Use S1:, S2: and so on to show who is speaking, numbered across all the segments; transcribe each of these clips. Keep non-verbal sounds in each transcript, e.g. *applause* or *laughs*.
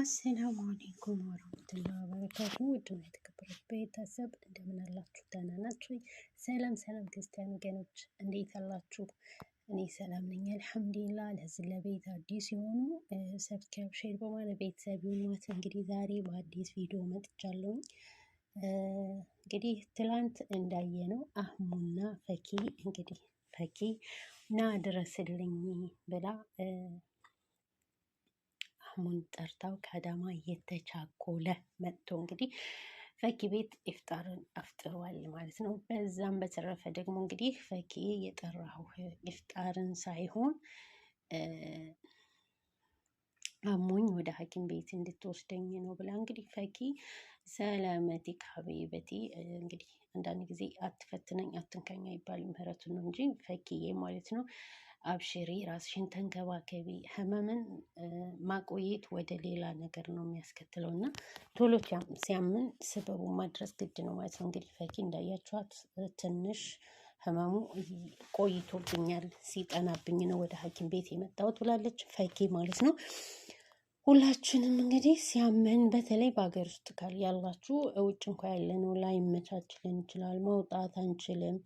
S1: አሰላሙ አሌይኩም ወረህመቱላሂ ወበረካቱ ውድና የተከበራችሁ ቤተሰብ እንደምን አላችሁ? ደህና ናችሁ? ሰላም ሰላም፣ ክርስቲያን ወገኖች እንዴት አላችሁ? እኔ ሰላም ነኝ አልሐምዱሊላህ። ለዚህ ለቤት አዲስ የሆኑ ሰብስክራይብ፣ ሼር በማለት ቤተሰብ ይሁኑት። እንግዲህ ዛሬ በአዲስ ቪዲዮ መጥቻለሁኝ። እንግዲህ ትላንት እንዳየነው አህሙና ፈኪ እንግዲህ ፈኪ ና ድረስልኝ ብላ ላህሙን ጠርታው ከአዳማ እየተቻኮለ መጥቶ እንግዲህ ፈኪ ቤት ኢፍጣርን አፍጥሯል ማለት ነው። በዛም በተረፈ ደግሞ እንግዲህ ፈኪ የጠራው ኢፍጣርን ሳይሆን አሞኝ ወደ ሐኪም ቤት እንድትወስደኝ ነው ብላ እንግዲህ ፈኪ ሰላመቲክ ሀቢበቲ እንግዲህ አንዳንድ ጊዜ አትፈትነኝ አትንካኝ ይባል ምህረቱ ነው እንጂ ፈኪዬ ማለት ነው። አብሽሪ፣ ራስሽን ተንከባከቢ። ህመምን ማቆየት ወደ ሌላ ነገር ነው የሚያስከትለው እና ቶሎ ሲያምን ስበቡ ማድረስ ግድ ነው ማለት ነው። እንግዲህ ፈኪ እንዳያችኋት ትንሽ ህመሙ ቆይቶብኛል፣ ሲጠናብኝ ነው ወደ ሐኪም ቤት የመጣሁት ብላለች ፈኪ ማለት ነው። ሁላችንም እንግዲህ ሲያመን በተለይ በሀገር ውስጥ ካል ያላችሁ ውጭ እንኳ ያለነው ላይ ይችላል መውጣት አንችልም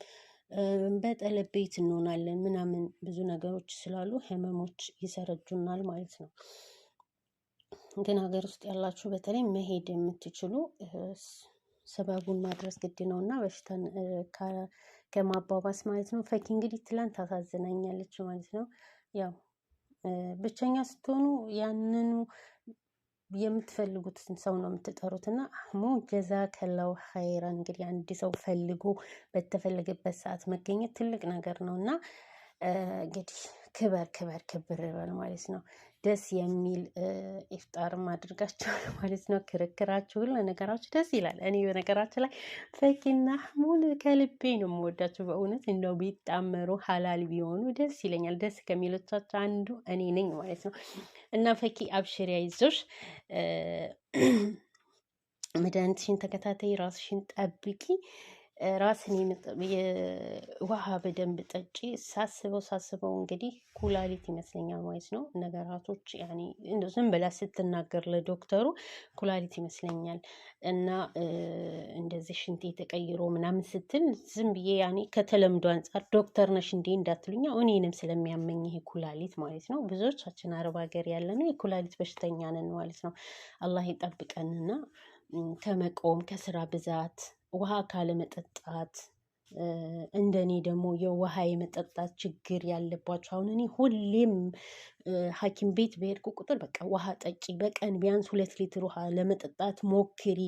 S1: በጠለብ ቤት እንሆናለን ምናምን ብዙ ነገሮች ስላሉ ህመሞች ይሰረጁናል ማለት ነው። ግን ሀገር ውስጥ ያላችሁ በተለይ መሄድ የምትችሉ ሰበቡን ማድረስ ግድ ነው እና በሽታን ከማባባስ ማለት ነው። ፈኪ እንግዲህ ትላንት ታሳዝናኛለች ማለት ነው። ያው ብቸኛ ስትሆኑ ያንኑ የምትፈልጉትን ሰው ነው የምትጠሩት። እና አህሙ ጀዛ ከላው ኸይረን። እንግዲህ አንድ ሰው ፈልጎ በተፈለገበት ሰዓት መገኘት ትልቅ ነገር ነው እና እንግዲህ ክበር ክበር ክብር ይበል ማለት ነው። ደስ የሚል ኢፍጣርም አድርጋችኋል *laughs* ማለት ነው። ክርክራችሁ፣ ሁሉ ነገራችሁ ደስ ይላል። እኔ በነገራችሁ ላይ ፈኪና ሙሉ ከልቤ ነው የምወዳችሁ በእውነት እንደው ቢጣመሩ ሀላል ቢሆኑ ደስ ይለኛል። ደስ ከሚሎቻቸው አንዱ እኔ ነኝ ማለት ነው እና ፈኪ አብሽሪ፣ አይዞሽ *clears throat* መድኃኒትሽን ተከታታይ ራስሽን ጠብቂ። ራስን ውሃ በደንብ ጠጪ። ሳስበው ሳስበው እንግዲህ ኩላሊት ይመስለኛል ማለት ነው ነገራቶች ዝም ብላ ስትናገር ለዶክተሩ ኩላሊት ይመስለኛል እና እንደዚህ ሽንቴ ተቀይሮ ምናምን ስትል ዝም ብዬ ያኔ ከተለምዶ አንጻር ዶክተር ነሽ እንዴ እንዳትሉኛ እኔንም ስለሚያመኝ ይሄ ኩላሊት ማለት ነው። ብዙዎቻችን አረብ ሀገር ነው የኩላሊት በሽተኛ ነን ማለት ነው። አላህ ይጠብቀንና ከመቆም ከስራ ብዛት ውሃ ካለመጠጣት እንደኔ ደግሞ የውሃ የመጠጣት ችግር ያለባቸው አሁን እኔ ሁሌም ሐኪም ቤት በሄድኩ ቁጥር በቃ ውሃ ጠጪ፣ በቀን ቢያንስ ሁለት ሊትር ውሃ ለመጠጣት ሞክሪ፣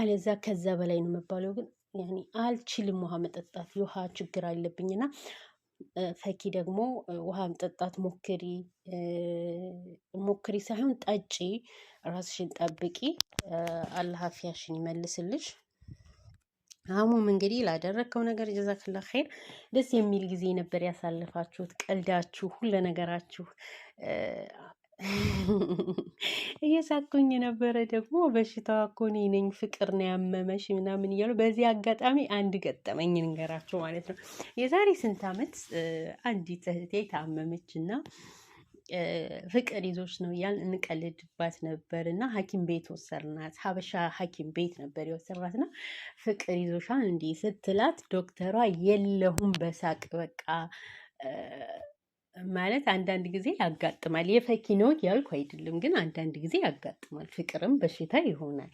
S1: አለዛ ከዛ በላይ ነው የምባለው። ግን ያኔ አልችልም ውሃ መጠጣት፣ የውሃ ችግር አለብኝ እና ፈኪ ደግሞ ውሃ መጠጣት ሞክሪ ሞክሪ ሳይሆን ጠጪ፣ ራስሽን ጠብቂ፣ አላህ አፍያሽን ይመልስልሽ። አህሙም እንግዲህ ላደረግከው ነገር ጀዛክላ ኸይር። ደስ የሚል ጊዜ ነበር ያሳለፋችሁት፣ ቀልዳችሁ፣ ሁለ ነገራችሁ *laughs* እየሳኩኝ ነበረ። ደግሞ በሽታዋ እኮ እኔ ነኝ ፍቅር ነው ያመመሽ ምናምን እያሉ በዚህ አጋጣሚ አንድ ገጠመኝ እንገራቸው ማለት ነው። የዛሬ ስንት ዓመት አንዲት እህቴ ታመመች እና ፍቅር ይዞች ነው እያል እንቀልድባት ነበር እና ሐኪም ቤት ወሰርናት። ሀበሻ ሐኪም ቤት ነበር የወሰራትና ፍቅር ይዞሻል እንዲህ ስትላት ዶክተሯ የለሁም በሳቅ በቃ ማለት አንዳንድ ጊዜ ያጋጥማል። የፈኪ ነው ያልኩ አይደለም፣ ግን አንዳንድ ጊዜ ያጋጥማል። ፍቅርም በሽታ ይሆናል።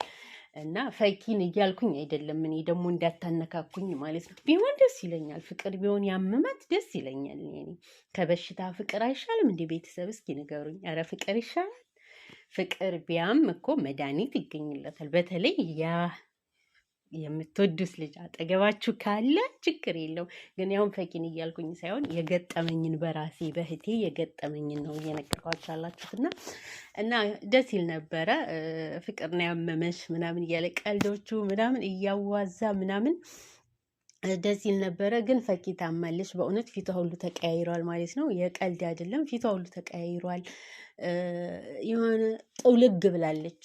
S1: እና ፈኪን እያልኩኝ አይደለም። እኔ ደግሞ እንዳታነካኩኝ ማለት ነው። ቢሆን ደስ ይለኛል። ፍቅር ቢሆን ያመማት ደስ ይለኛል። ከበሽታ ፍቅር አይሻልም እንዴ? ቤተሰብ እስኪ ንገሩኝ። ኧረ ፍቅር ይሻላል። ፍቅር ቢያም እኮ መድኃኒት ይገኝለታል። በተለይ ያ የምትወዱት ልጅ አጠገባችሁ ካለ ችግር የለው። ግን ያሁን ፈኪን እያልኩኝ ሳይሆን የገጠመኝን በራሴ በህቴ የገጠመኝን ነው እየነገርኳችሁ አላችሁትና እና ደስ ይል ነበረ። ፍቅርና ያመመሽ ምናምን እያለ ቀልዶቹ ምናምን እያዋዛ ምናምን ደስ ይል ነበረ። ግን ፈኪ ታማለች። በእውነት ፊቷ ሁሉ ተቀያይሯል ማለት ነው። የቀልድ አይደለም። ፊቷ ሁሉ ተቀያይሯል። የሆነ ጥውልግ ብላለች።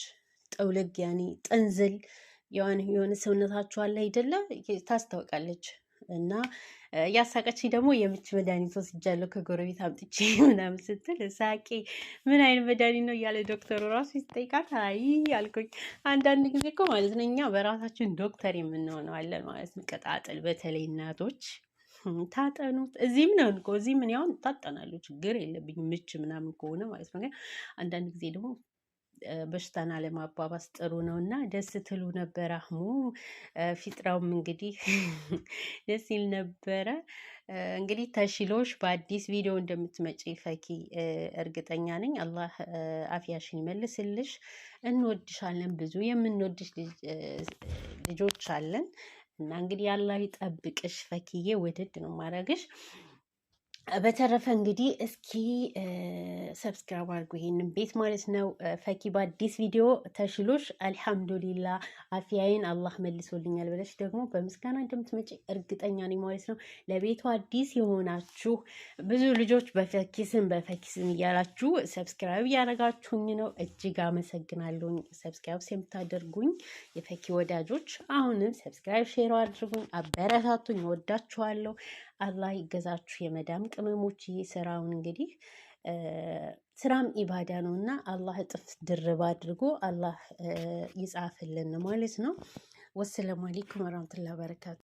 S1: ጥውልግ ያኔ ጥንዝል የሆነ የሆነ ሰውነታችሁ አለ አይደለ ታስታውቃለች። እና ያሳቀችኝ ደግሞ የምች መድኃኒት ወስጃለሁ ከጎረቤት አምጥቼ *laughs* ምናምን ስትል ሳቄ ምን አይነት መድኃኒት ነው እያለ ዶክተሩ ራሱ ይጠይቃት። አይ አልኩኝ። አንዳንድ ጊዜ እኮ ማለት ነው እኛ በራሳችን ዶክተር የምንሆነዋለን ማለት ነው። ቀጣጥል በተለይ እናቶች ታጠኑት። እዚህም ነው እኮ እዚህ ምን ያሁን ታጠናለሁ፣ ችግር የለብኝ ምች ምናምን ከሆነ ማለት ነው። አንዳንድ ጊዜ ደግሞ በሽታን አለማባባስ ጥሩ ነው እና ደስ ትሉ ነበረ። አህሙ ፊጥራውም እንግዲህ *laughs* ደስ ይል ነበረ። እንግዲህ ተሽሎሽ በአዲስ ቪዲዮ እንደምትመጪ ፈኪ እርግጠኛ ነኝ። አላህ አፍያሽን ይመልስልሽ። እንወድሻለን። ብዙ የምንወድሽ ልጆች አለን እና እንግዲህ አላህ ይጠብቅሽ ፈኪዬ። ውድድ ነው ማድረግሽ በተረፈ እንግዲህ እስኪ ሰብስክራይብ አድርጉ ይሄንን ቤት ማለት ነው። ፈኪ በአዲስ ቪዲዮ ተሽሎሽ አልሐምዱሊላ አፍያዬን አላህ መልሶልኛል ብለሽ ደግሞ በምስጋና እንደምትመጪ እርግጠኛ ነኝ ማለት ነው። ለቤቱ አዲስ የሆናችሁ ብዙ ልጆች በፈኪስም በፈኪስም እያላችሁ ሰብስክራይብ እያደረጋችሁኝ ነው። እጅግ አመሰግናለሁኝ ሰብስክራይብ የምታደርጉኝ የፈኪ ወዳጆች። አሁንም ሰብስክራይብ ሼር አድርጉኝ፣ አበረታቱኝ። ወዳችኋለሁ። አላህ ይገዛችሁ የመዳም ቅመሞች። ይህ ስራውን እንግዲህ ስራም ኢባዳ ነው እና አላህ እጥፍ ድርብ አድርጎ አላህ ይጻፍልን ማለት ነው። ወሰላሙ አሌይኩም ወረህመቱላሂ ወበረካቱ።